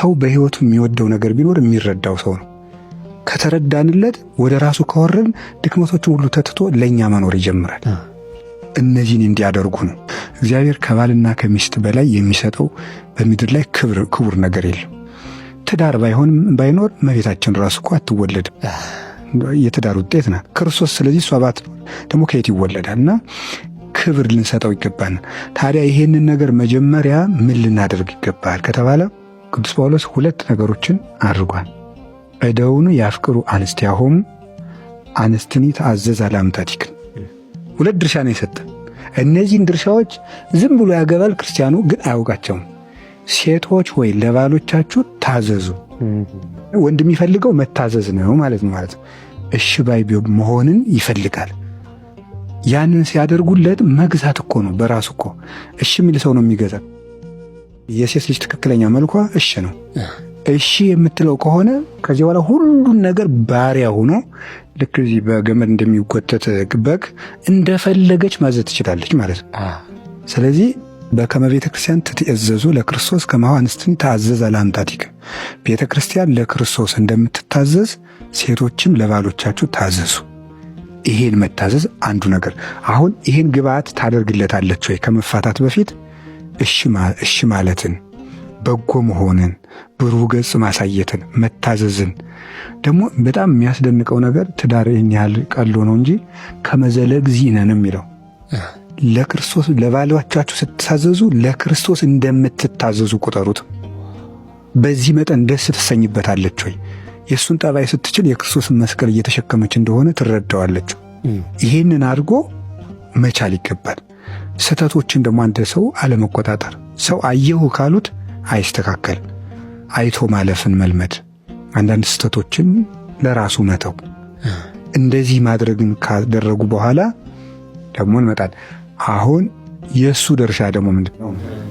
ሰው በህይወቱ የሚወደው ነገር ቢኖር የሚረዳው ሰው ነው። ከተረዳንለት ወደ ራሱ ከወረድን ድክመቶችን ሁሉ ተትቶ ለእኛ መኖር ይጀምራል። እነዚህን እንዲያደርጉ ነው። እግዚአብሔር ከባልና ከሚስት በላይ የሚሰጠው በምድር ላይ ክቡር ነገር የለም። ትዳር ባይሆንም ባይኖር መቤታችን ራሱ እኮ አትወለድም። የትዳር ውጤት ናት ክርስቶስ። ስለዚህ እሷ ባትኖር ደግሞ ከየት ይወለዳል? እና ክብር ልንሰጠው ይገባናል። ታዲያ ይሄንን ነገር መጀመሪያ ምን ልናደርግ ይገባል ከተባለ ቅዱስ ጳውሎስ ሁለት ነገሮችን አድርጓል። እደውኑ ያፍቅሩ አንስቲያሆሙ አንስትኒ ተአዘዝ ለአምታቲክን ሁለት ድርሻ ነው የሰጠ። እነዚህን ድርሻዎች ዝም ብሎ ያገባል ክርስቲያኑ ግን አያውቃቸውም። ሴቶች ወይ ለባሎቻችሁ ታዘዙ። ወንድ የሚፈልገው መታዘዝ ነው ማለት ነው ማለት ነው። እሺ ባይ መሆንን ይፈልጋል። ያንን ሲያደርጉለት መግዛት እኮ ነው በራሱ እኮ እሺ የሚል ሰው ነው የሚገዛ። የሴት ልጅ ትክክለኛ መልኳ እሺ ነው። እሺ የምትለው ከሆነ ከዚህ በኋላ ሁሉን ነገር ባሪያ ሆኖ ልክ እዚህ በገመድ እንደሚጎተት በግ እንደፈለገች ማዘዝ ትችላለች ማለት ነው። ስለዚህ በከመ ቤተ ክርስቲያን ትትእዘዙ ለክርስቶስ ከመ አንስትን ታዘዘ ለአምጣቲከ፣ ቤተ ክርስቲያን ለክርስቶስ እንደምትታዘዝ ሴቶችም ለባሎቻችሁ ታዘዙ። ይሄን መታዘዝ አንዱ ነገር። አሁን ይሄን ግብዓት ታደርግለታለች ወይ ከመፋታት በፊት እሺ ማለትን፣ በጎ መሆንን፣ ብሩህ ገጽ ማሳየትን፣ መታዘዝን ደግሞ በጣም የሚያስደንቀው ነገር ትዳር ይህን ያህል ቀሎ ነው እንጂ ከመዘለግ ዚነን የሚለው ለክርስቶስ ለባሏቻችሁ ስትታዘዙ ለክርስቶስ እንደምትታዘዙ ቁጠሩት። በዚህ መጠን ደስ ትሰኝበታለች ወይ? የእሱን ጠባይ ስትችል የክርስቶስን መስቀል እየተሸከመች እንደሆነ ትረዳዋለች። ይህንን አድርጎ መቻል ይገባል። ስህተቶችን ደግሞ አንድ ሰው አለመቆጣጠር፣ ሰው አየሁ ካሉት አይስተካከል። አይቶ ማለፍን መልመድ፣ አንዳንድ ስህተቶችን ለራሱ መተው። እንደዚህ ማድረግን ካደረጉ በኋላ ደግሞ እንመጣል። አሁን የእሱ ድርሻ ደግሞ ምንድን ነው?